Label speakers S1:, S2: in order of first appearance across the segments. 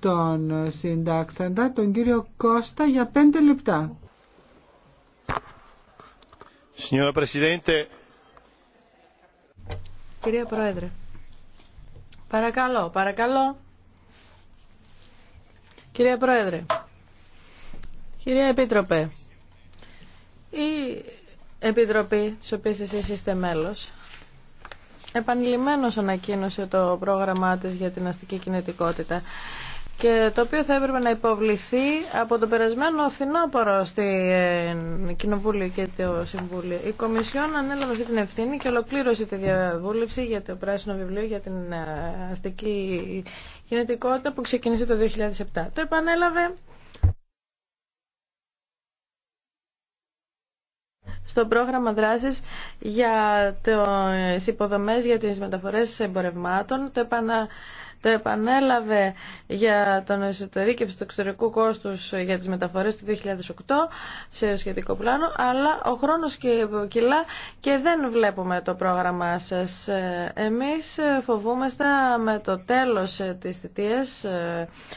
S1: τον συντάξαντα, τον κύριο Κώστα, για πέντε λεπτά.
S2: Κυρία Πρόεδρε, παρακαλώ, παρακαλώ. Κυρία Πρόεδρε, κυρία Επίτροπε, η Επιτροπή της οποίας εσείς είστε μέλος επανειλημμένως ανακοίνωσε το πρόγραμμά της για την αστική κινητικότητα και το οποίο θα έπρεπε να υποβληθεί από τον περασμένο φθινόπωρο στην ε, Κοινοβούλιο και το Συμβούλιο. Η Κομισιόν ανέλαβε αυτή την ευθύνη και ολοκλήρωσε τη διαβούλευση για το πράσινο βιβλίο για την ε, αστική κινητικότητα που ξεκίνησε το 2007. Το επανέλαβε στο πρόγραμμα δράσης για ε, τις υποδομές για τις μεταφορές εμπορευμάτων. Το επανα... Το επανέλαβε για τον εσωτερήκευση του εξωτερικού κόστους για τις μεταφορές του 2008 σε σχετικό πλάνο, αλλά ο χρόνος κυλά και δεν βλέπουμε το πρόγραμμά σας. Εμείς φοβούμαστε με το τέλος της θητείας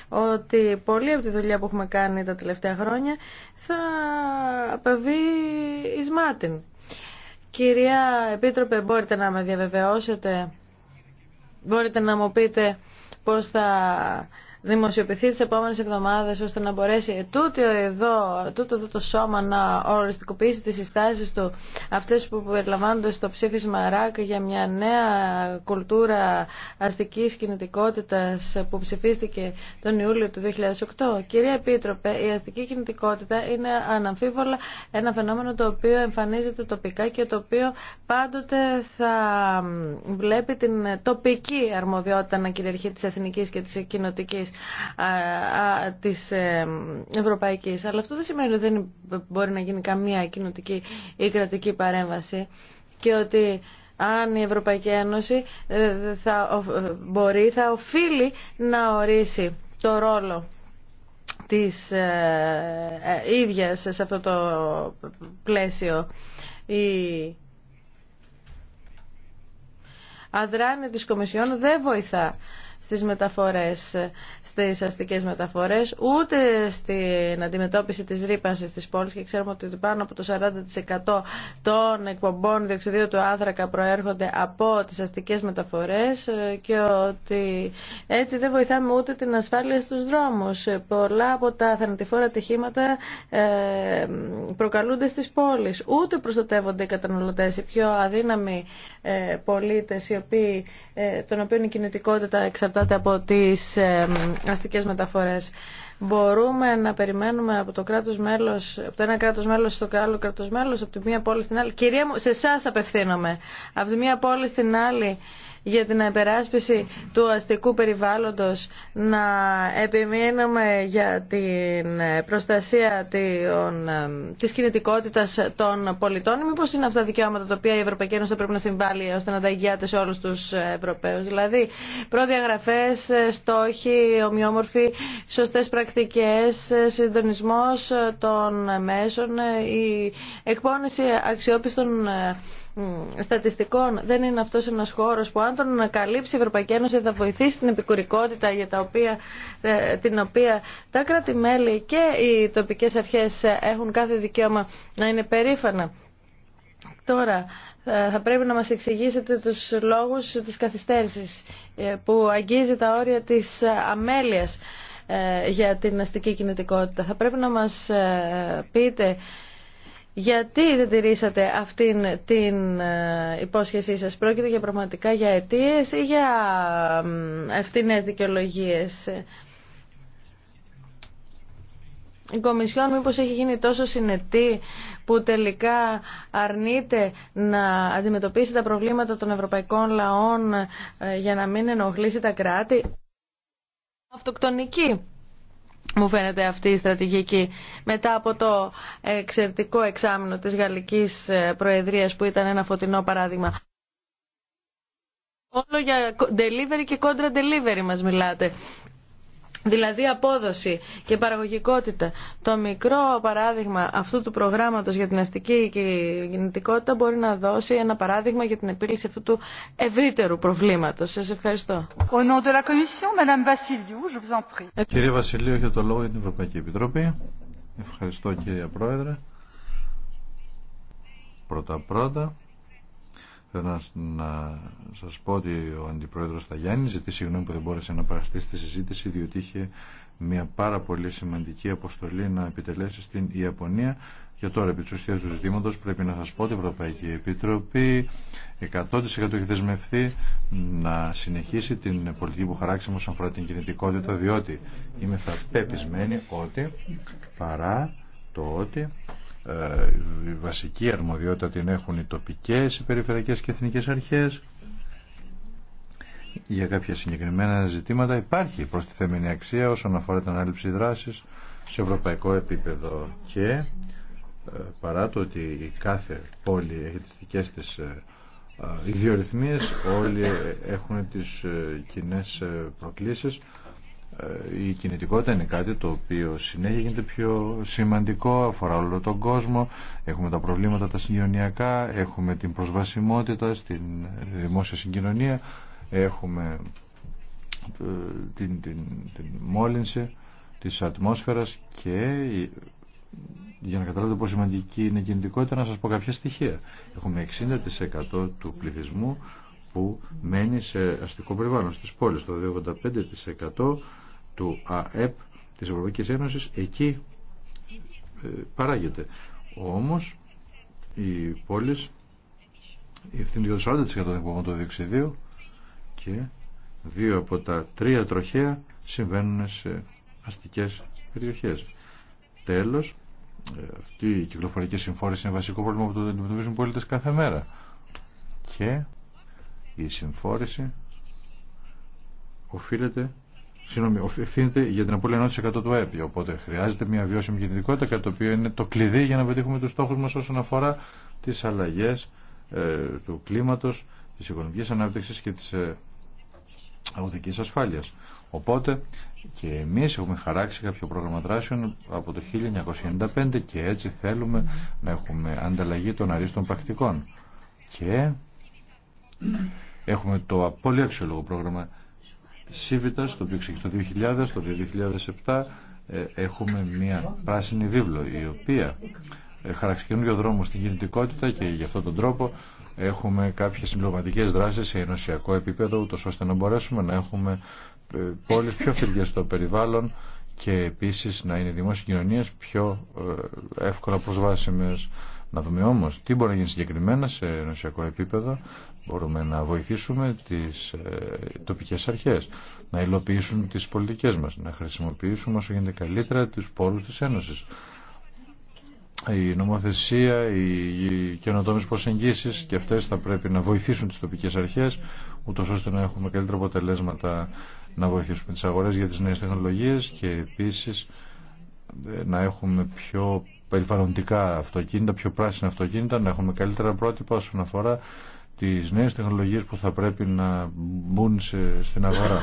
S2: ότι πολλή από τη δουλειά που έχουμε κάνει τα τελευταία χρόνια θα απεβεί εις Κυρία Επίτροπε, μπορείτε να με διαβεβαιώσετε, μπορείτε να μου πείτε πώς θα δημοσιοποιηθεί τις επόμενες εβδομάδες ώστε να μπορέσει τούτο εδώ, τούτο εδώ το σώμα να οριστικοποιήσει τις συστάσεις του αυτές που περιλαμβάνονται στο ψήφισμα ΡΑΚ για μια νέα κουλτούρα αστικής κινητικότητας που ψηφίστηκε τον Ιούλιο του 2008. Κυρία Επίτροπε, η αστική κινητικότητα είναι αναμφίβολα ένα φαινόμενο το οποίο εμφανίζεται τοπικά και το οποίο πάντοτε θα βλέπει την τοπική αρμοδιότητα να κυριαρχεί της εθνικής και της κοινοτικής της ε, Ευρωπαϊκής. Αλλά αυτό δεν σημαίνει ότι δεν μπορεί να γίνει καμία κοινοτική ή κρατική παρέμβαση και ότι αν η Ευρωπαϊκή Ένωση ε, θα ε, μπορεί, θα οφείλει να ορίσει το ρόλο της ίδιας σε αυτό το πλαίσιο η αδράνεια της Κομισιόν δεν βοηθά στις μεταφορές, στις αστικές μεταφορές, ούτε στην αντιμετώπιση της ρήπανσης της πόλης και ξέρουμε ότι πάνω από το 40% των εκπομπών διοξιδίου του άνθρακα προέρχονται από τις αστικές μεταφορές ε, και ότι έτσι δεν βοηθάμε ούτε την ασφάλεια στους δρόμους. Πολλά από τα θανατηφόρα ατυχήματα ε, προκαλούνται στις πόλεις. Ούτε προστατεύονται οι καταναλωτές, οι πιο αδύναμοι ε, πολίτες, οι οποίοι, των οποίων η κινητικότητα εξαρτάται εξαρτάται από τις αστικές μεταφορές. Μπορούμε να περιμένουμε από το κράτος μέλος, από το ένα κράτος μέλος στο άλλο κράτος μέλος, από τη μία πόλη στην άλλη. Κυρία μου, σε εσά απευθύνομαι. Από τη μία πόλη στην άλλη για την επεράσπιση του αστικού περιβάλλοντος, να επιμείνουμε για την προστασία της κινητικότητας των πολιτών. Μήπως είναι αυτά τα δικαιώματα τα οποία η Ευρωπαϊκή Ένωση θα πρέπει να συμβάλλει ώστε να τα εγγυάται σε όλους τους Ευρωπαίους. Δηλαδή, προδιαγραφές, στόχοι, ομοιόμορφοι, σωστές πρακτικές, συντονισμός των μέσων, η εκπόνηση αξιόπιστων στατιστικών δεν είναι αυτός ένας χώρος που αν τον ανακαλύψει η Ευρωπαϊκή Ένωση θα βοηθήσει την επικουρικότητα για τα οποία, ε, την οποία τα κράτη-μέλη και οι τοπικές αρχές έχουν κάθε δικαίωμα να είναι περήφανα. Τώρα, ε, θα πρέπει να μας εξηγήσετε τους λόγους της καθυστέρησης ε, που αγγίζει τα όρια της αμέλειας για την αστική κινητικότητα. Θα πρέπει να μας πείτε γιατί δεν τηρήσατε αυτήν την ε, υπόσχεσή σας. Πρόκειται για πραγματικά για αιτίες ή για ευθυνές δικαιολογίες. Η Κομισιόν μήπως έχει γίνει τόσο συνετή που τελικά αρνείται να αντιμετωπίσει τα προβλήματα των ευρωπαϊκών λαών ε, για να μην ενοχλήσει τα κράτη. Αυτοκτονική μου φαίνεται αυτή η στρατηγική. Μετά από το εξαιρετικό εξάμεινο της Γαλλικής ε, Προεδρίας που ήταν ένα φωτεινό παράδειγμα. Όλο για delivery και contra delivery μας μιλάτε. Δηλαδή απόδοση και παραγωγικότητα. Το μικρό παράδειγμα αυτού του προγράμματος για την αστική και γεννητικότητα μπορεί να δώσει ένα παράδειγμα για την επίλυση αυτού του ευρύτερου προβλήματος. Σας ευχαριστώ.
S3: Ε, κύριε Βασιλείου, για το λόγο για την Ευρωπαϊκή Επιτροπή. Ευχαριστώ κύριε Πρόεδρε. Πρώτα-πρώτα Θέλω να σας πω ότι ο Αντιπρόεδρος Ταγιάννη ζητεί συγγνώμη που δεν μπόρεσε να παραστεί στη συζήτηση διότι είχε μια πάρα πολύ σημαντική αποστολή να επιτελέσει στην Ιαπωνία και τώρα επί τη ουσία του ζητήματο, πρέπει να σα πω ότι η Ευρωπαϊκή Επιτροπή 100% έχει δεσμευθεί να συνεχίσει την πολιτική που χαράξαμε όσον αφορά την κινητικότητα διότι είμαι θα πεπισμένη ότι παρά το ότι ε, η βασική αρμοδιότητα την έχουν οι τοπικές, οι περιφερειακές και εθνικές αρχές. Για κάποια συγκεκριμένα ζητήματα υπάρχει προστιθέμενη αξία όσον αφορά την ανάληψη δράσης σε ευρωπαϊκό επίπεδο και ε, παρά το ότι κάθε πόλη έχει τις δικές της ε, ιδιορυθμίες, όλοι έχουν τις κοινές προκλήσεις ε, η κινητικότητα είναι κάτι το οποίο συνέχεια γίνεται πιο σημαντικό, αφορά όλο τον κόσμο, έχουμε τα προβλήματα τα συγκοινωνιακά, έχουμε την προσβασιμότητα στην δημόσια συγκοινωνία, έχουμε ε, την, την, την μόλυνση της ατμόσφαιρας και για να καταλάβετε πόσο σημαντική είναι η κινητικότητα να σας πω κάποια στοιχεία. Έχουμε 60% του πληθυσμού που μένει σε αστικό περιβάλλον στις πόλεις, το 85% του ΑΕΠ της Ευρωπαϊκής Ένωσης εκεί ε, παράγεται. Όμως οι πόλεις ευθύνουν για το 40% των εκπομπών του διοξιδίου και δύο από τα τρία τροχέα συμβαίνουν σε αστικές περιοχές. Τέλος, ε, αυτή η κυκλοφορική συμφόρηση είναι βασικό πρόβλημα που το αντιμετωπίζουν οι κάθε μέρα. Και η συμφόρηση οφείλεται συγγνώμη, ευθύνεται για την απώλεια 100% του ΕΠ. Οπότε χρειάζεται μια βιώσιμη κινητικότητα, κατά το οποίο είναι το κλειδί για να πετύχουμε του στόχου μα όσον αφορά τι αλλαγέ ε, του κλίματο, τη οικονομική ανάπτυξη και τη ε, αγωτική ασφάλεια. Οπότε και εμεί έχουμε χαράξει κάποιο πρόγραμμα δράσεων από το 1995 και έτσι θέλουμε να έχουμε ανταλλαγή των αρίστων πρακτικών. Και έχουμε το πολύ αξιόλογο πρόγραμμα Civitas, το οποίο το 2000, το 2007 ε, έχουμε μια πράσινη βίβλο η οποία ε, χαράξει καινούργιο δρόμο στην κινητικότητα και γι' αυτόν τον τρόπο έχουμε κάποιες συμπληρωματικές δράσεις σε ενωσιακό επίπεδο ούτως ώστε να μπορέσουμε να έχουμε ε, πόλεις πιο φιλικές στο περιβάλλον και επίσης να είναι δημόσιες κοινωνίες πιο εύκολα προσβάσιμες. Να δούμε όμως τι μπορεί να γίνει συγκεκριμένα σε ενωσιακό επίπεδο Μπορούμε να βοηθήσουμε τις ε, τοπικές αρχές να υλοποιήσουν τις πολιτικές μας, να χρησιμοποιήσουμε όσο γίνεται καλύτερα τους πόρους της Ένωσης. Η νομοθεσία, οι καινοτόμες προσεγγίσεις και αυτές θα πρέπει να βοηθήσουν τις τοπικές αρχές ούτως ώστε να έχουμε καλύτερα αποτελέσματα να βοηθήσουμε τις αγορές για τις νέες τεχνολογίες και επίσης ε, να έχουμε πιο περιβαλλοντικά αυτοκίνητα, πιο πράσινα αυτοκίνητα, να έχουμε καλύτερα πρότυπα όσον αφορά τις νέες τεχνολογίες που θα πρέπει να μπουν σε, στην αγορά.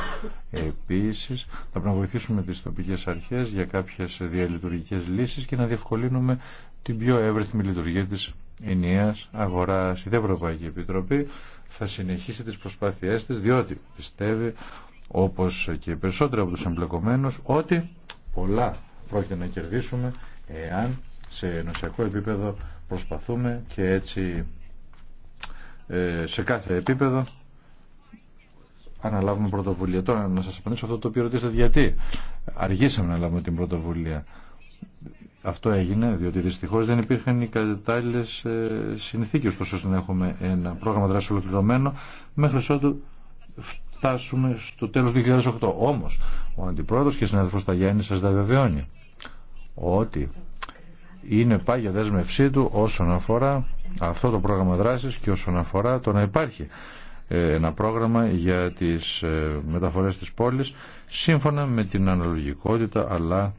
S3: Επίσης, θα πρέπει να βοηθήσουμε τις τοπικές αρχές για κάποιες διαλειτουργικές λύσεις και να διευκολύνουμε την πιο εύρεθμη λειτουργία της ενιαίας αγορά Η Ευρωπαϊκή Επιτροπή θα συνεχίσει τις προσπάθειές της, διότι πιστεύει, όπως και περισσότερο από τους εμπλεκομένους, ότι πολλά πρόκειται να κερδίσουμε εάν σε ενωσιακό επίπεδο προσπαθούμε και έτσι ε, σε κάθε επίπεδο αναλάβουμε πρωτοβουλία. Τώρα να σας απαντήσω αυτό το οποίο ρωτήσατε γιατί. Αργήσαμε να λάβουμε την πρωτοβουλία. Αυτό έγινε διότι δυστυχώς δεν υπήρχαν οι κατάλληλες ε, συνθήκες ώστε να έχουμε ένα πρόγραμμα δράση ολοκληρωμένο μέχρι ότου φτάσουμε στο τέλος του 2008. Όμως ο Αντιπρόεδρος και συνάδελφος Ταγιάννη σας διαβεβαιώνει ότι είναι πάγια δέσμευσή του όσον αφορά αυτό το πρόγραμμα δράσης και όσον αφορά το να υπάρχει ε, ένα πρόγραμμα για τις ε, μεταφορές της πόλης σύμφωνα με την αναλογικότητα αλλά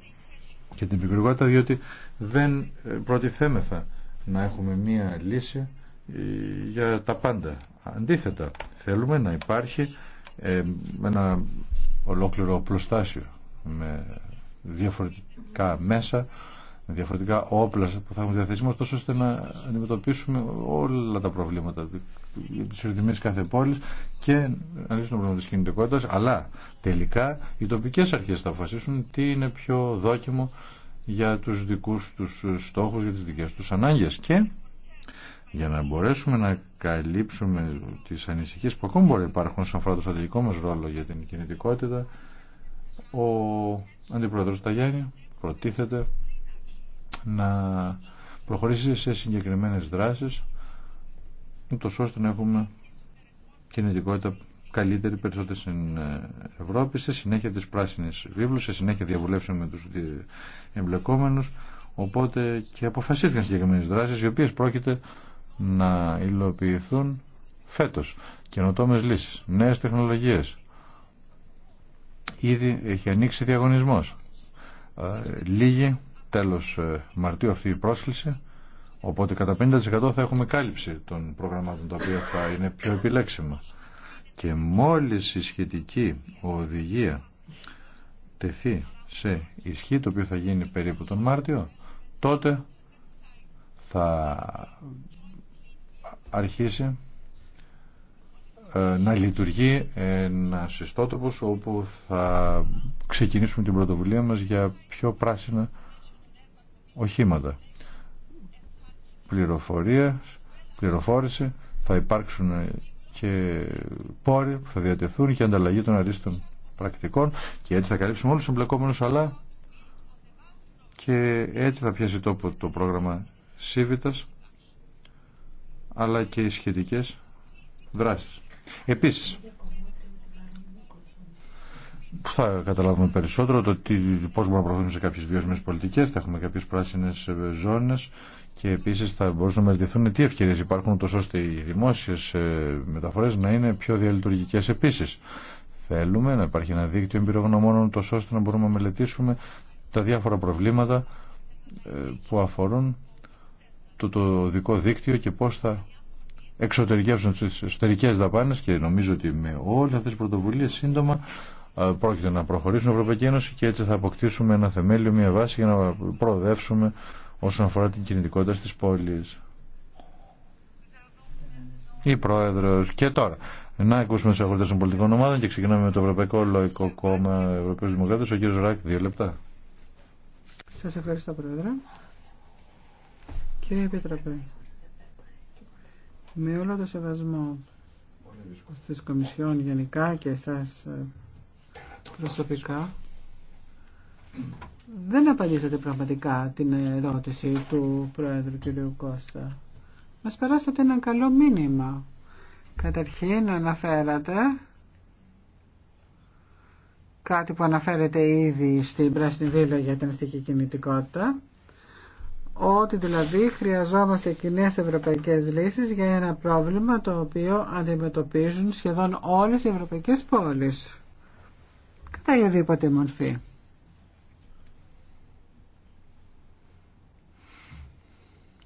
S3: και την πικρικότητα διότι δεν ε, προτιθέμεθα να έχουμε μία λύση για τα πάντα. Αντίθετα, θέλουμε να υπάρχει ένα ολόκληρο πλουστάσιο με διαφορετικά μέσα με διαφορετικά όπλα που θα έχουμε διαθέσιμο, τόσο ώστε να αντιμετωπίσουμε όλα τα προβλήματα τη ερδημίες κάθε πόλη και να λύσουμε το πρόβλημα τη κινητικότητα. αλλά τελικά οι τοπικέ αρχέ θα αποφασίσουν τι είναι πιο δόκιμο για του δικού του στόχου για τι δικέ του ανάγκε. και για να μπορέσουμε να καλύψουμε τι ανησυχίε που ακόμα μπορεί να υπάρχουν σαν αφορά το στρατηγικό μα ρόλο για την κινητικότητα ο Αντιπρόεδρος Ταγιάννη προτίθεται να προχωρήσει σε συγκεκριμένες δράσεις ούτως ώστε να έχουμε κινητικότητα καλύτερη περισσότερη στην ε, Ευρώπη σε συνέχεια της πράσινης βίβλου, σε συνέχεια διαβουλεύσεων με τους εμπλεκόμενους οπότε και αποφασίστηκαν συγκεκριμένες δράσεις οι οποίες πρόκειται να υλοποιηθούν φέτος καινοτόμε λύσεις, νέες τεχνολογίες ήδη έχει ανοίξει διαγωνισμός ε, λίγοι τέλος ε, Μαρτίου αυτή η πρόσκληση οπότε κατά 50% θα έχουμε κάλυψη των προγραμμάτων τα οποία θα είναι πιο επιλέξιμα και μόλις η σχετική οδηγία τεθεί σε ισχύ το οποίο θα γίνει περίπου τον Μάρτιο τότε θα αρχίσει ε, να λειτουργεί ένα συστότοπος όπου θα ξεκινήσουμε την πρωτοβουλία μας για πιο πράσινα οχήματα. Πληροφορία, πληροφόρηση, θα υπάρξουν και πόροι που θα διατεθούν και ανταλλαγή των αρίστων πρακτικών και έτσι θα καλύψουμε όλους τους εμπλεκόμενους αλλά και έτσι θα πιάσει τόπο το πρόγραμμα ΣΥΒΙΤΑΣ αλλά και οι σχετικές δράσεις. Επίσης, θα καταλάβουμε περισσότερο το τι, πώς μπορούμε να προχωρήσουμε σε κάποιες βιώσιμες πολιτικές, θα έχουμε κάποιες πράσινες ε, ζώνες και επίσης θα μπορούσαν να μελετηθούν τι ευκαιρίες υπάρχουν τόσο ώστε οι δημόσιες ε, μεταφορές να είναι πιο διαλειτουργικές επίσης. Θέλουμε να υπάρχει ένα δίκτυο εμπειρογνωμόνων τόσο ώστε να μπορούμε να μελετήσουμε τα διάφορα προβλήματα ε, που αφορούν το, το δικό δίκτυο και πώς θα εξωτερικεύσουν τις εσωτερικές δαπάνες και νομίζω ότι με όλε αυτέ τις πρωτοβουλίε σύντομα ε, πρόκειται να προχωρήσουν η Ευρωπαϊκή Ένωση και έτσι θα αποκτήσουμε ένα θεμέλιο, μια βάση για να προοδεύσουμε όσον αφορά την κινητικότητα στις πόλεις. Η Πρόεδρος και τώρα. Να ακούσουμε τις αγορητέ των πολιτικών ομάδων και ξεκινάμε με το Ευρωπαϊκό Λοϊκό Κόμμα Ευρωπαίου Δημοκράτε. Ο κύριο Ράκ, δύο λεπτά.
S1: Σα ευχαριστώ, Πρόεδρε. Κύριε Επιτροπέ, με όλο το σεβασμό τη Κομισιόν γενικά και εσά προσωπικά δεν απαντήσατε πραγματικά την ερώτηση του Πρόεδρου κ. Κώστα. Μας περάσατε ένα καλό μήνυμα. Καταρχήν αναφέρατε κάτι που αναφέρεται ήδη στην Πράσινη Βίλα για την αστική κινητικότητα ότι δηλαδή χρειαζόμαστε κοινέ ευρωπαϊκές λύσεις για ένα πρόβλημα το οποίο αντιμετωπίζουν σχεδόν όλες οι ευρωπαϊκές πόλεις για οποιαδήποτε μορφή.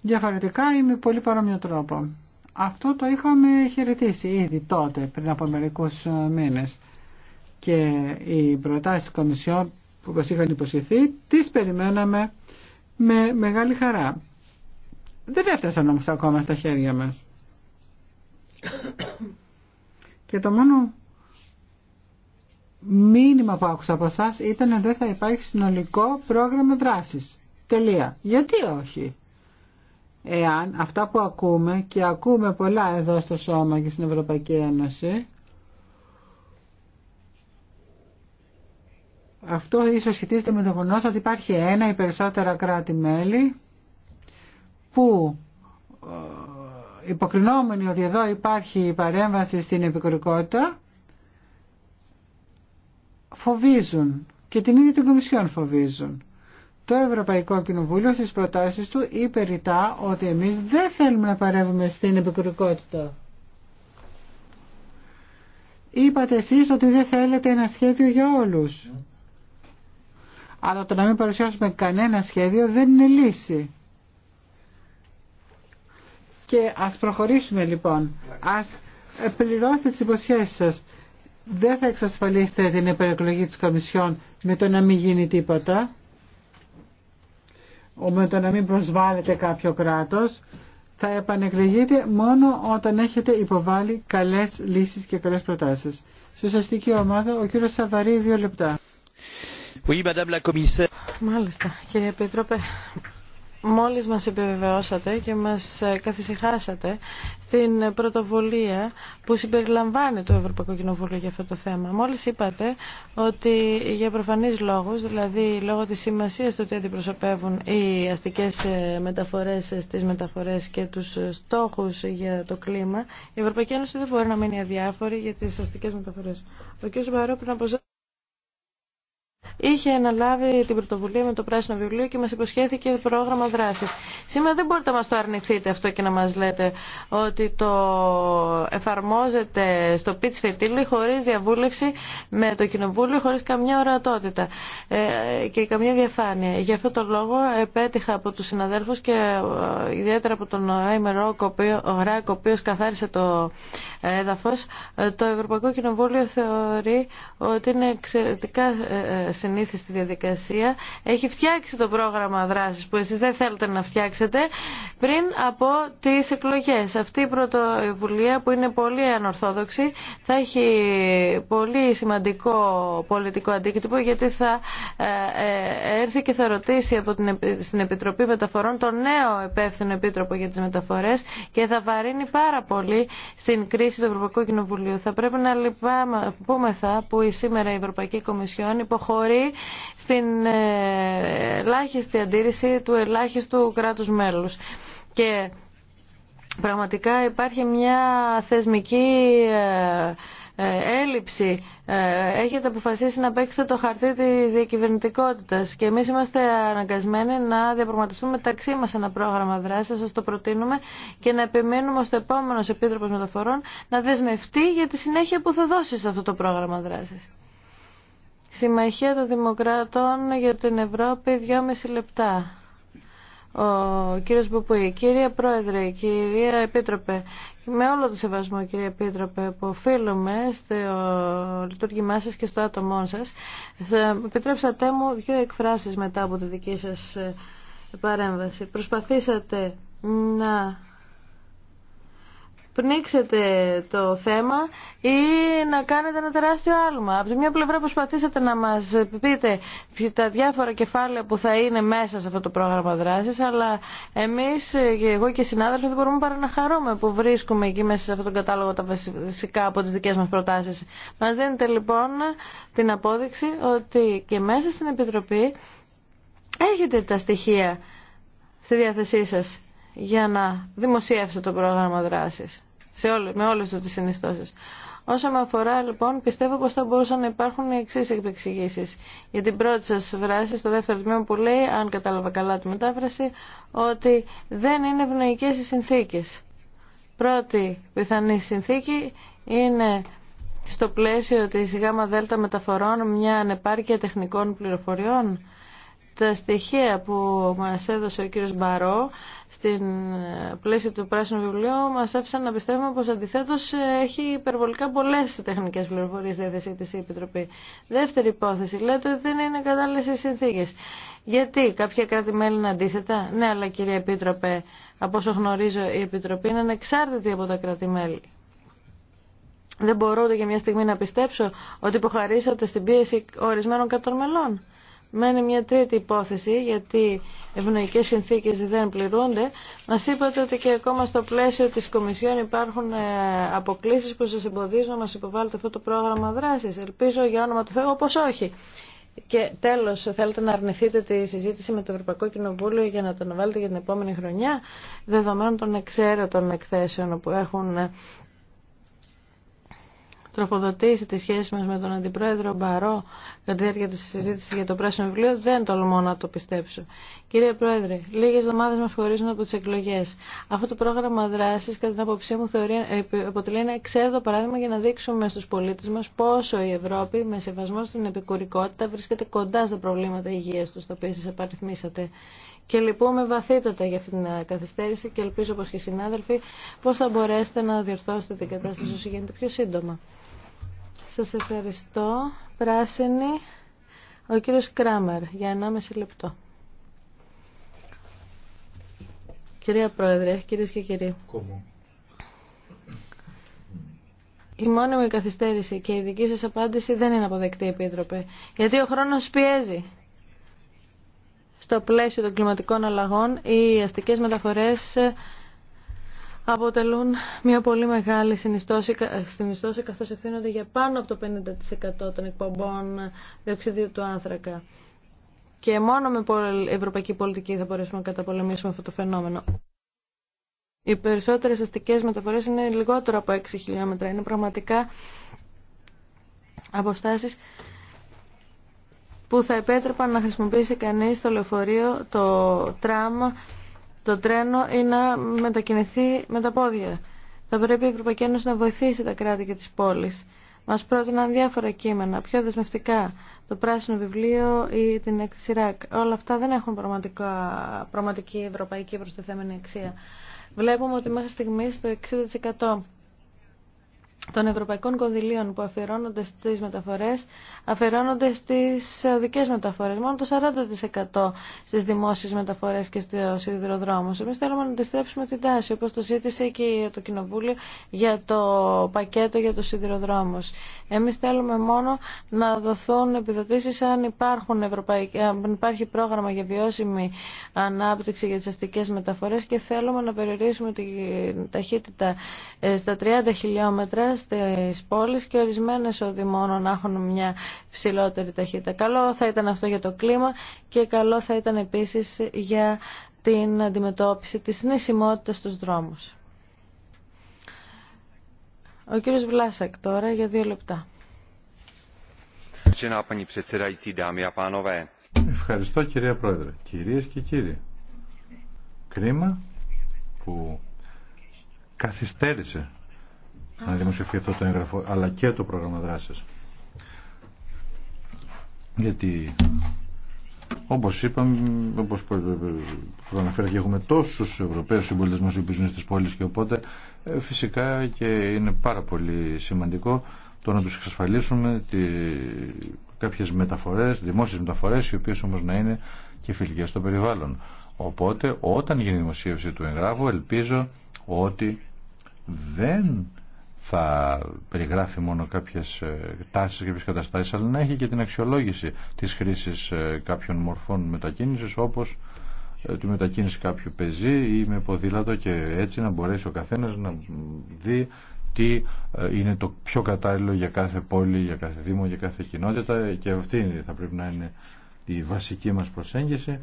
S1: Διαφορετικά ή με πολύ παρόμοιο τρόπο. Αυτό το είχαμε χαιρετήσει ήδη τότε, πριν από μερικούς ε, μήνες. Και οι προτάσεις Κομισιόν που μας είχαν υποσχεθεί, τις περιμέναμε με μεγάλη χαρά. Δεν έφτασαν όμως ακόμα στα χέρια μας. Και το μόνο μήνυμα που άκουσα από εσά ήταν ότι δεν θα υπάρχει συνολικό πρόγραμμα δράσης. Τελεία. Γιατί όχι. Εάν αυτά που ακούμε και ακούμε πολλά εδώ στο σώμα και στην Ευρωπαϊκή Ένωση αυτό ίσως σχετίζεται με το γεγονό ότι υπάρχει ένα ή περισσότερα κράτη-μέλη που ε, υποκρινόμενοι ότι εδώ υπάρχει η περισσοτερα κρατη μελη που υποκρινομενοι οτι εδω υπαρχει παρεμβαση στην επικορικότητα φοβίζουν και την ίδια την Κομισιόν φοβίζουν. Το Ευρωπαϊκό Κοινοβούλιο στις προτάσεις του είπε ρητά ότι εμείς δεν θέλουμε να παρεύουμε στην επικουρικότητα. Είπατε εσείς ότι δεν θέλετε ένα σχέδιο για όλους. Αλλά το να μην παρουσιάσουμε κανένα σχέδιο δεν είναι λύση. Και ας προχωρήσουμε λοιπόν. Ας ε, πληρώστε τις υποσχέσεις σας δεν θα εξασφαλίσετε την υπερεκλογή της Κομισιόν με το να μην γίνει τίποτα, με το να μην προσβάλλετε κάποιο κράτος, θα επανεκλεγείτε μόνο όταν έχετε υποβάλει καλές λύσεις και καλές προτάσεις. σωστική ομάδα, ο κύριος Σαβαρή, δύο λεπτά.
S3: Oui, Madame la
S2: Commissaire.
S1: Μάλιστα, κύριε Πέτροπε μόλις μας επιβεβαιώσατε και
S2: μας καθησυχάσατε στην πρωτοβουλία που συμπεριλαμβάνει το Ευρωπαϊκό Κοινοβούλιο για αυτό το θέμα. Μόλις είπατε ότι για προφανείς λόγους, δηλαδή λόγω της σημασίας του ότι αντιπροσωπεύουν οι αστικές μεταφορές στις μεταφορές και τους στόχους για το κλίμα, η Ευρωπαϊκή Ένωση δεν μπορεί να μείνει αδιάφορη για τις αστικές μεταφορές είχε αναλάβει την πρωτοβουλία με το πράσινο βιβλίο και μας υποσχέθηκε πρόγραμμα δράσης. Σήμερα δεν μπορείτε να μας το αρνηθείτε αυτό και να μας λέτε ότι το εφαρμόζεται στο πιτς φετήλι χωρίς διαβούλευση με το κοινοβούλιο, χωρίς καμιά ορατότητα ε, και καμιά διαφάνεια. Γι' αυτό το λόγο επέτυχα από τους συναδέλφους και ε, ιδιαίτερα από τον Ράιμερ Ράκ, ο οποίος καθάρισε το έδαφος, ε, το Ευρωπαϊκό Κοινοβούλιο θεωρεί ότι είναι εξαιρετικά στη διαδικασία έχει φτιάξει το πρόγραμμα δράση που εσεί δεν θέλετε να φτιάξετε πριν από τι εκλογέ. Αυτή η πρωτοβουλία που είναι πολύ ανορθόδοξη θα έχει πολύ σημαντικό πολιτικό αντίκτυπο γιατί θα ε, ε, έρθει και θα ρωτήσει από την, στην Επιτροπή Μεταφορών το νέο επεύθυνο επίτροπο για τι μεταφορέ και θα βαρύνει πάρα πολύ στην κρίση του Ευρωπαϊκού Κοινοβουλίου. Θα πρέπει να θα, που σήμερα η Ευρωπαϊκή Κομισιόν υποχωρεί στην ε, ελάχιστη αντίρρηση του ελάχιστου κράτους μέλους. Και πραγματικά υπάρχει μια θεσμική ε, ε, έλλειψη. έχετε αποφασίσει να παίξετε το χαρτί της διακυβερνητικότητας και εμείς είμαστε αναγκασμένοι να διαπραγματευτούμε μεταξύ μας ένα πρόγραμμα δράσης, σας το προτείνουμε και να επιμείνουμε στο επόμενο Επίτροπος Μεταφορών να δεσμευτεί για τη συνέχεια που θα δώσει σε αυτό το πρόγραμμα δράσης. Συμμαχία των Δημοκρατών για την Ευρώπη, 2,5 λεπτά. Ο κύριος Μπουπούη, κύριε Πρόεδρε, κυρία Επίτροπε, με όλο το σεβασμό κύριε Επίτροπε που οφείλουμε στο λειτουργήμά και στο άτομό σας, επιτρέψατε μου δύο εκφράσεις μετά από τη δική σας παρέμβαση. Προσπαθήσατε να πνίξετε το θέμα ή να κάνετε ένα τεράστιο άλμα. Από τη μια πλευρά προσπαθήσατε να μας πείτε τα διάφορα κεφάλαια που θα είναι μέσα σε αυτό το πρόγραμμα δράσης, αλλά εμείς, και εγώ και οι συνάδελφοι, δεν μπορούμε παρά να χαρούμε που βρίσκουμε εκεί μέσα σε αυτόν τον κατάλογο τα βασικά από τις δικές μας προτάσεις. Μας δίνετε λοιπόν την απόδειξη ότι και μέσα στην Επιτροπή έχετε τα στοιχεία στη διάθεσή σας για να δημοσίευσε το πρόγραμμα δράσης σε όλες, με όλες τις συνιστώσεις. Όσο με αφορά λοιπόν, πιστεύω πως θα μπορούσαν να υπάρχουν οι εξή επεξηγήσεις. Για την πρώτη σας βράση στο δεύτερο τμήμα που λέει, αν κατάλαβα καλά τη μετάφραση, ότι δεν είναι ευνοϊκές οι συνθήκες. Πρώτη πιθανή συνθήκη είναι στο πλαίσιο της ΓΔ μεταφορών μια ανεπάρκεια τεχνικών πληροφοριών τα στοιχεία που μας έδωσε ο κύριος Μπαρό στην πλαίσιο του πράσινου βιβλίου μας άφησαν να πιστεύουμε πως αντιθέτως έχει υπερβολικά πολλές τεχνικές πληροφορίες διάθεσή της η Επιτροπή. Δεύτερη υπόθεση, λέτε ότι δεν είναι κατάλληλες οι συνθήκες. Γιατί κάποια κράτη-μέλη είναι αντίθετα. Ναι, αλλά κύριε Επίτροπε, από όσο γνωρίζω η Επιτροπή είναι ανεξάρτητη από τα κράτη-μέλη. Δεν μπορώ ούτε για μια στιγμή να πιστέψω ότι υποχαρίσατε στην πίεση ορισμένων κατορμελών. Μένει μια τρίτη υπόθεση γιατί ευνοϊκέ συνθήκε δεν πληρούνται. Μα είπατε ότι και ακόμα στο πλαίσιο τη Κομισιόν υπάρχουν ε, αποκλήσει που σα εμποδίζουν να μα υποβάλλετε αυτό το πρόγραμμα δράση. Ελπίζω για όνομα του Θεού, πω όχι. Και τέλο, θέλετε να αρνηθείτε τη συζήτηση με το Ευρωπαϊκό Κοινοβούλιο για να τον βάλετε για την επόμενη χρονιά, δεδομένων των εξαίρετων εκθέσεων που έχουν ε, τροφοδοτήσει τις σχέσεις μας με τον Αντιπρόεδρο Μπαρό κατά τη διάρκεια της συζήτησης για το πράσινο βιβλίο, δεν τολμώ να το πιστέψω. Κύριε Πρόεδρε, λίγες εβδομάδες μας χωρίζουν από τις εκλογές. Αυτό το πρόγραμμα δράσης, κατά την άποψή μου, θεωρεί, ε, αποτελεί ένα εξέρδο παράδειγμα για να δείξουμε στους πολίτες μας πόσο η Ευρώπη, με σεβασμό στην επικουρικότητα, βρίσκεται κοντά στα προβλήματα υγείας τους, τα οποία σας επαριθμίσατε. Και λυπούμε βαθύτατα για αυτή την καθυστέρηση και ελπίζω, πως και οι συνάδελφοι, πώς θα μπορέσετε να διορθώσετε την κατάσταση όσο γίνεται πιο σύντομα. Σας ευχαριστώ. Πράσινη, ο κύριος Κράμερ, για 1,5 λεπτό. Κυρία Πρόεδρε, κυρίες και κύριοι. Η μόνιμη καθυστέρηση και η δική σας απάντηση δεν είναι αποδεκτή, Επίτροπε. Γιατί ο χρόνος πιέζει. Στο πλαίσιο των κλιματικών αλλαγών, οι αστικές μεταφορές αποτελούν μια πολύ μεγάλη συνιστώση, συνιστώση καθώς ευθύνονται για πάνω από το 50% των εκπομπών διοξιδίου του άνθρακα. Και μόνο με ευρωπαϊκή πολιτική θα μπορέσουμε να καταπολεμήσουμε αυτό το φαινόμενο. Οι περισσότερες αστικές μεταφορές είναι λιγότερο από 6 χιλιόμετρα. Είναι πραγματικά αποστάσεις που θα επέτρεπαν να χρησιμοποιήσει κανείς το λεωφορείο, το τραμ, το τρένο ή να μετακινηθεί με τα πόδια. Θα πρέπει η Ευρωπαϊκή Ένωση να βοηθήσει τα κράτη και τις πόλεις. Μας πρότειναν διάφορα κείμενα, πιο δεσμευτικά, το πράσινο βιβλίο ή την έκθεση ΡΑΚ. Όλα αυτά δεν έχουν πραγματική ευρωπαϊκή προστιθέμενη αξία. Βλέπουμε ότι μέχρι στιγμής το 60% των ευρωπαϊκών κονδυλίων που αφιερώνονται στις μεταφορές αφιερώνονται στις οδικές μεταφορές. Μόνο το 40% στις δημόσιες μεταφορές και στο σιδηροδρόμους. Εμείς θέλουμε να αντιστρέψουμε την τάση όπως το ζήτησε και το Κοινοβούλιο για το πακέτο για τους σιδηροδρόμους. Εμείς θέλουμε μόνο να δοθούν επιδοτήσεις αν, υπάρχουν αν υπάρχει πρόγραμμα για βιώσιμη ανάπτυξη για τις αστικές μεταφορές και θέλουμε να περιορίσουμε την ταχύτητα ε, στα 30 χιλιόμετρα στις πόλεις και ορισμένες μόνο να έχουν μια ψηλότερη ταχύτητα. Καλό θα ήταν αυτό για το κλίμα και καλό θα ήταν επίσης για την αντιμετώπιση της νησιμότητας στους δρόμους. Ο κύριος Βλάσακ τώρα για δύο λεπτά.
S3: Ευχαριστώ κυρία Πρόεδρε. Κυρίες και κύριοι. Κρίμα που καθυστέρησε να δημοσιευθεί αυτό το έγγραφο, αλλά και το πρόγραμμα δράση. Γιατί, όπω είπαμε, όπω προαναφέρατε, έχουμε τόσου Ευρωπαίου συμπολίτες μας ζουν στι πόλει και οπότε ε, φυσικά και είναι πάρα πολύ σημαντικό το να του εξασφαλίσουμε τη, κάποιες μεταφορές, δημόσιες μεταφορές, οι οποίες όμως να είναι και φιλικές στο περιβάλλον. Οπότε, όταν γίνει η δημοσίευση του εγγράφου, ελπίζω ότι δεν θα περιγράφει μόνο κάποιες ε, τάσεις, και καταστάσει, αλλά να έχει και την αξιολόγηση της χρήσης ε, κάποιων μορφών μετακίνησης, όπως ε, τη μετακίνηση κάποιου πεζή ή με ποδήλατο και έτσι να μπορέσει ο καθένας να δει τι είναι το πιο κατάλληλο για κάθε πόλη, για κάθε δήμο, για κάθε κοινότητα και αυτή θα πρέπει να είναι η βασική μας προσέγγιση.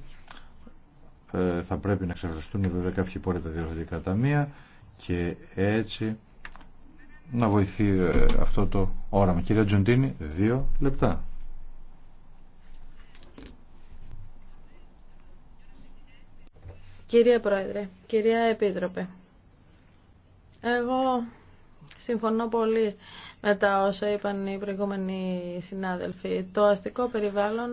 S3: θα πρέπει να ξεχωριστούν βέβαια κάποιοι πόροι τα ταμεία και έτσι να βοηθεί ε, αυτό το όραμα. Κυρία Τζοντίνη, δύο λεπτά.
S2: Κυρία Πρόεδρε, κυρία Επίτροπε, εγώ Συμφωνώ πολύ με τα όσα είπαν οι προηγούμενοι συνάδελφοι. Το αστικό περιβάλλον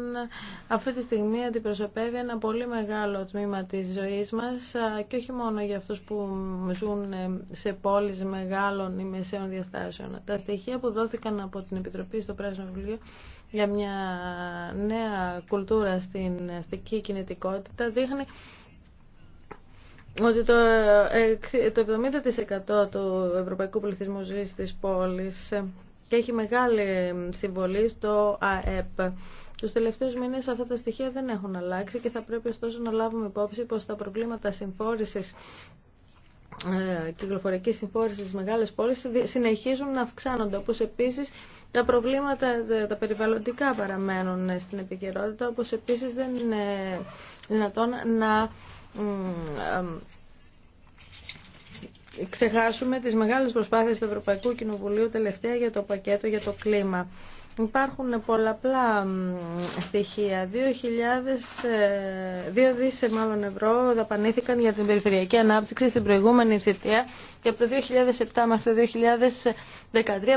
S2: αυτή τη στιγμή αντιπροσωπεύει ένα πολύ μεγάλο τμήμα της ζωής μας και όχι μόνο για αυτούς που ζουν ε, σε πόλεις μεγάλων ή μεσαίων διαστάσεων. Τα στοιχεία που δόθηκαν από την Επιτροπή στο Πράσινο Βιβλίο για μια νέα κουλτούρα στην αστική κινητικότητα δείχνει ότι το, ε, το 70% του ευρωπαϊκού πληθυσμού ζει στις πόλεις ε, και έχει μεγάλη συμβολή στο ΑΕΠ. Τους τελευταίους μήνες αυτά τα στοιχεία δεν έχουν αλλάξει και θα πρέπει ωστόσο να λάβουμε υπόψη πως τα προβλήματα συμφόρησης ε, κυκλοφορικής συμφόρησης στις μεγάλες πόλεις συνεχίζουν να αυξάνονται, όπως επίσης τα προβλήματα τα περιβαλλοντικά παραμένουν στην επικαιρότητα, όπως επίσης δεν είναι δυνατόν να ξεχάσουμε τις μεγάλες προσπάθειες του Ευρωπαϊκού Κοινοβουλίου τελευταία για το πακέτο για το κλίμα. Υπάρχουν πολλαπλά στοιχεία. 2.000, 2 ε, δις ε, ευρώ δαπανήθηκαν για την περιφερειακή ανάπτυξη στην προηγούμενη θητεία και από το 2007 μέχρι το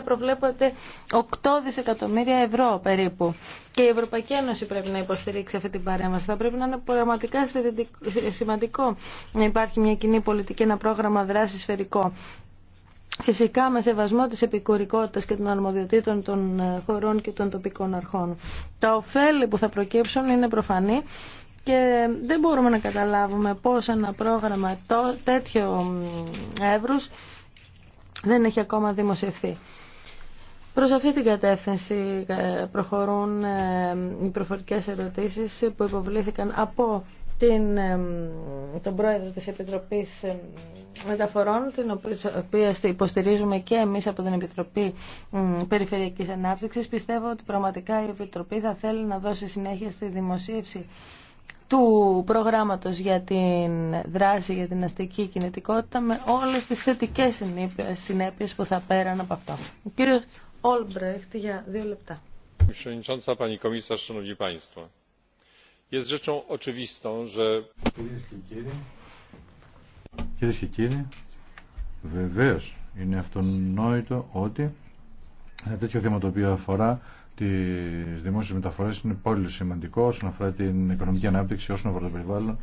S2: 2013 προβλέπονται 8 δισεκατομμύρια ευρώ περίπου. Και η Ευρωπαϊκή Ένωση πρέπει να υποστηρίξει αυτή την παρέμβαση. Θα πρέπει να είναι πραγματικά σημαντικό να υπάρχει μια κοινή πολιτική, ένα πρόγραμμα δράση σφαιρικό. Φυσικά με σεβασμό της επικουρικότητας και των αρμοδιοτήτων των ε, χωρών και των τοπικών αρχών. Τα ωφέλη που θα προκύψουν είναι προφανή και δεν μπορούμε να καταλάβουμε πώς ένα πρόγραμμα τέτοιο εύρους δεν έχει ακόμα δημοσιευθεί. Προς αυτή την κατεύθυνση ε, προχωρούν ε, οι προφορικές ερωτήσεις που υποβλήθηκαν από την, τον πρόεδρο της Επιτροπής μεταφορών, την οποία υποστηρίζουμε και εμείς από την Επιτροπή Περιφερειακής Ανάπτυξης. Πιστεύω ότι πραγματικά η Επιτροπή θα θέλει να δώσει συνέχεια στη δημοσίευση του προγράμματος για την δράση για την αστική κινητικότητα με όλες τις θετικές συνέπειες που θα πέραν από αυτό. Ο κύριος Όλμπρεχτ για δύο λεπτά.
S3: Κυρίε και κύριοι, βεβαίω είναι αυτονόητο ότι ένα τέτοιο θέμα το οποίο αφορά τι δημόσιε μεταφορέ είναι πολύ σημαντικό όσον αφορά την οικονομική ανάπτυξη, όσον αφορά το περιβάλλον.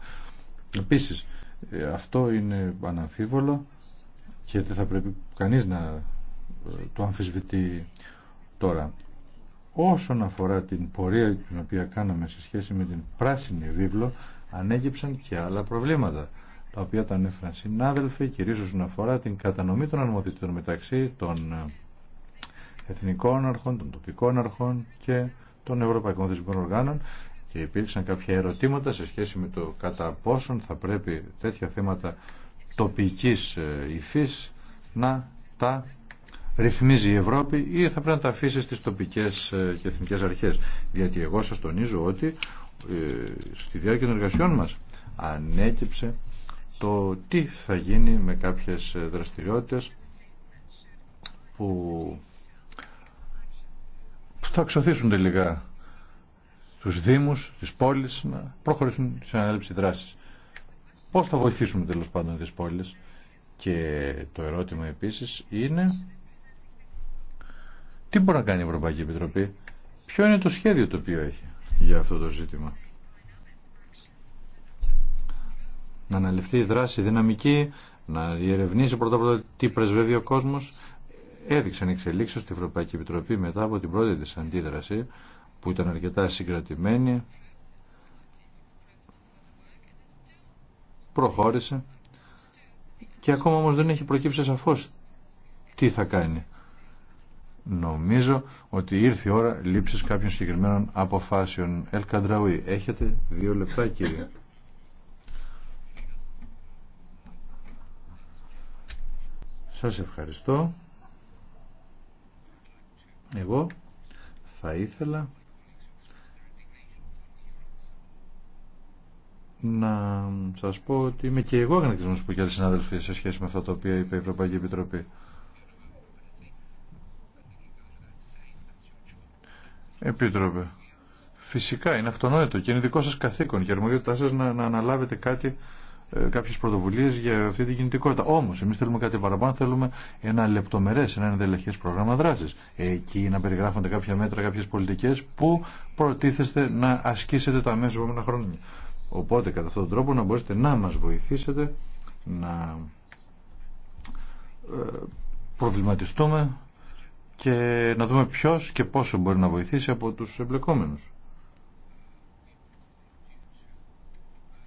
S3: Επίση, ε, αυτό είναι αναμφίβολο και δεν θα πρέπει κανεί να ε, το αμφισβητεί τώρα. Όσον αφορά την πορεία την οποία κάναμε σε σχέση με την πράσινη βίβλο, ανέγυψαν και άλλα προβλήματα τα οποία τα ανέφεραν συνάδελφοι, κυρίως όσον αφορά την κατανομή των αρμοδιτήτων μεταξύ των ε, εθνικών αρχών, των τοπικών αρχών και των ευρωπαϊκών θεσμικών οργάνων και υπήρξαν κάποια ερωτήματα σε σχέση με το κατά πόσον θα πρέπει τέτοια θέματα τοπικής ε, υφής να τα ρυθμίζει η Ευρώπη ή θα πρέπει να τα αφήσει στις τοπικές ε, και εθνικές αρχές. Γιατί εγώ σας τονίζω ότι στη διάρκεια των εργασιών μας ανέκυψε το τι θα γίνει με κάποιες δραστηριότητες που θα εξωθήσουν τελικά τους δήμους, τις πόλεις να προχωρήσουν σε ανάληψη δράσης. Πώς θα βοηθήσουμε τέλος πάντων τις πόλεις και το ερώτημα επίσης είναι τι μπορεί να κάνει η Ευρωπαϊκή Επιτροπή, ποιο είναι το σχέδιο το οποίο έχει για αυτό το ζήτημα. να αναλυφθεί η δράση δυναμική, να διερευνήσει πρώτα πρώτα τι πρεσβεύει ο κόσμος. Έδειξαν εξελίξεις στην Ευρωπαϊκή Επιτροπή μετά από την πρώτη τη αντίδραση που ήταν αρκετά συγκρατημένη. Προχώρησε και ακόμα όμως δεν έχει προκύψει σαφώς τι θα κάνει. Νομίζω ότι ήρθε η ώρα λήψης κάποιων συγκεκριμένων αποφάσεων. Ελ έχετε δύο λεπτά κύριε. Σας ευχαριστώ. Εγώ θα ήθελα να σας πω ότι είμαι και εγώ αγνακτισμένος που και άλλοι συνάδελφοι σε σχέση με αυτό το οποίο είπε η Ευρωπαϊκή Επιτροπή. Επίτροπε, φυσικά είναι αυτονόητο και είναι δικό σας καθήκον και αρμοδιότητά σας να, να αναλάβετε κάτι ε, κάποιες πρωτοβουλίε για αυτή την κινητικότητα. Όμως, εμείς θέλουμε κάτι παραπάνω, θέλουμε ένα λεπτομερές, ένα ενδελεχές πρόγραμμα δράσης. Εκεί να περιγράφονται κάποια μέτρα, κάποιες πολιτικές που προτίθεστε να ασκήσετε τα μέσα επόμενα χρόνια. Οπότε, κατά αυτόν τον τρόπο, να μπορέσετε να μας βοηθήσετε να ε, προβληματιστούμε και να δούμε ποιος και πόσο μπορεί να βοηθήσει από τους εμπλεκόμενους.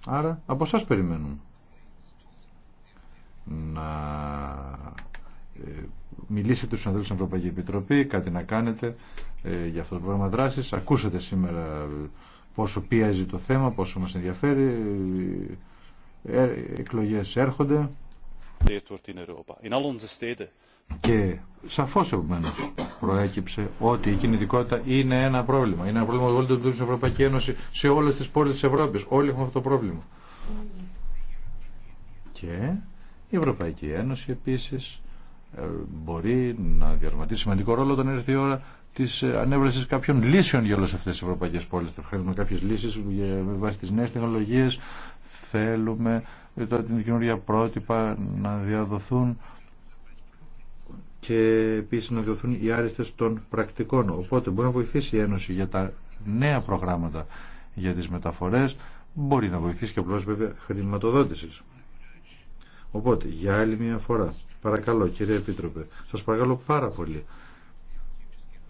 S3: Άρα από σας περιμένουμε να ε, μιλήσετε στους ανθρώπους της Ευρωπαϊκή Επιτροπή, κάτι να κάνετε ε, για αυτό το πρόγραμμα δράσης. Ακούσατε σήμερα ε, πόσο πιέζει το θέμα, πόσο μας ενδιαφέρει. εκλογές έρχονται. In al και σαφώς επομένω προέκυψε ότι η κινητικότητα είναι ένα πρόβλημα. Είναι ένα πρόβλημα που στην Ευρωπαϊκή Ένωση σε όλες τις πόλεις της Ευρώπης. Όλοι έχουμε αυτό το πρόβλημα. Και η Ευρωπαϊκή Ένωση επίσης ε, μπορεί να διαρματίσει σημαντικό ρόλο όταν έρθει η ώρα τη ε, ανέβρεση κάποιων λύσεων για όλε αυτέ τι ευρωπαϊκέ πόλει. Θέλουμε κάποιε λύσει με βάση τι νέε τεχνολογίε. Θέλουμε ε, την καινούργια πρότυπα να διαδοθούν και επίση να διωθούν οι άριστε των πρακτικών. Οπότε μπορεί να βοηθήσει η Ένωση για τα νέα προγράμματα για τι μεταφορέ, μπορεί να βοηθήσει και απλώ βέβαια χρηματοδότηση. Οπότε, για άλλη μια φορά, παρακαλώ κύριε Επίτροπε, σα παρακαλώ πάρα πολύ,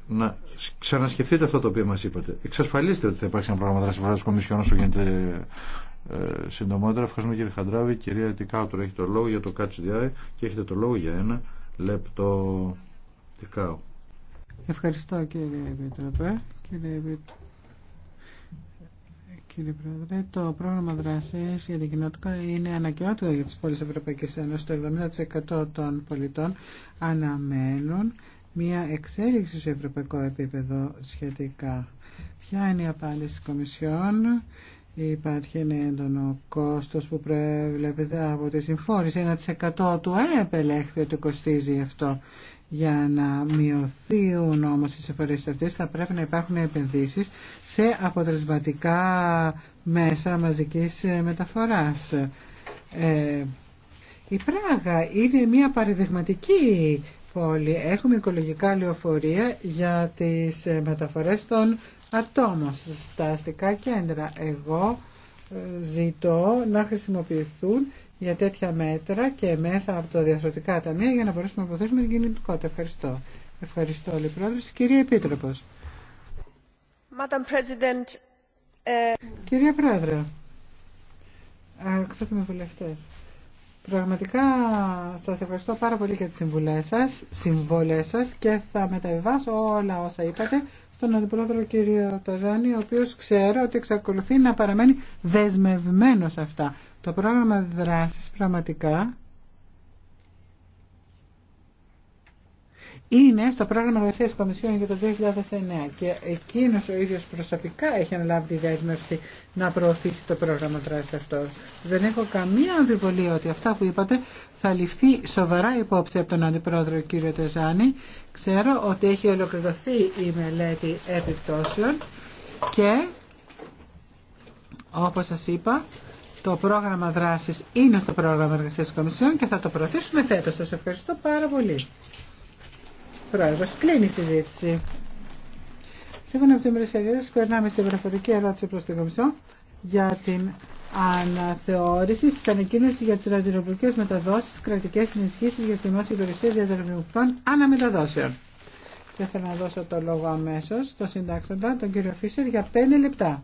S3: να ξανασκεφτείτε αυτό το οποίο μα είπατε. Εξασφαλίστε ότι θα υπάρξει ένα πρόγραμμα δράση βράδυ Κομισιόν όσο γίνεται ε, συντομότερα. Ευχαριστούμε κύριε Χαντράβη. Κυρία Τικάουτρο έχει το λόγο για το ΚΑΤΣΔΙ και έχετε το λόγο για ένα λεπτό
S1: Ευχαριστώ κύριε Επιτροπέ. Κύριε, κύριε Πρόεδρε, το πρόγραμμα δράση για την κοινότητα είναι αναγκαιότητα για τις πόλεις Ευρωπαϊκή Ευρωπαϊκής Ένωσης. Το 70% των πολιτών αναμένουν μια εξέλιξη σε ευρωπαϊκό επίπεδο σχετικά. Ποια είναι η απάντηση της Κομισιόν Υπάρχει ένα έντονο κόστος που προβλέπεται από τη συμφόρηση. 1% του ΑΕΠ ελέγχθη ότι κοστίζει αυτό. Για να μειωθούν όμως οι συμφορέ αυτέ, θα πρέπει να υπάρχουν επενδύσεις σε αποτελεσματικά μέσα μαζικής μεταφοράς. Ε, η Πράγα είναι μια παραδειγματική πόλη. Έχουμε οικολογικά λεωφορεία για τις μεταφορές των ατόμων στα αστικά κέντρα. Εγώ ε, ζητώ να χρησιμοποιηθούν για τέτοια μέτρα και μέσα από τα διασωτικά ταμεία για να μπορέσουμε να βοηθήσουμε την κινητικότητα. Ευχαριστώ. Ευχαριστώ όλοι πρόεδρες. Κυρία Επίτροπος. Madam President, ε, Κυρία Πρόεδρε, αξιότιμοι βουλευτές, πραγματικά σας ευχαριστώ πάρα πολύ για τις συμβουλές σας, συμβολές σας και θα μεταβιβάσω όλα όσα είπατε τον Αντιπρόεδρο κύριο Ταζάνη, ο οποίος ξέρω ότι εξακολουθεί να παραμένει δεσμευμένος αυτά. Το πρόγραμμα δράσης πραγματικά είναι στο πρόγραμμα εργασία τη Κομισιόν για το 2009 και εκείνο ο ίδιο προσωπικά έχει αναλάβει τη δέσμευση να προωθήσει το πρόγραμμα δράση αυτό. Δεν έχω καμία αμφιβολία ότι αυτά που είπατε θα ληφθεί σοβαρά υπόψη από τον Αντιπρόεδρο κ. Τεζάνη. Ξέρω ότι έχει ολοκληρωθεί η μελέτη επιπτώσεων και όπως σας είπα το πρόγραμμα δράσης είναι στο πρόγραμμα εργασίας της Κομισιόν και θα το προωθήσουμε φέτος. Σας ευχαριστώ πάρα πολύ. Πρόεδρος. Κλείνει η συζήτηση. Σύμφωνα με την ημερησιακή περνάμε στην προφορική ερώτηση προς την Κομισό για την αναθεώρηση της ανακοίνωσης για τις ραδιοπλοκές μεταδόσεις, κρατικέ ενισχύσει για τη δημόσια υπηρεσία διαδρομικών αναμεταδόσεων. Και θέλω να δώσω το λόγο αμέσως στον συντάξοντα, τον κύριο Φίσερ, για 5 λεπτά.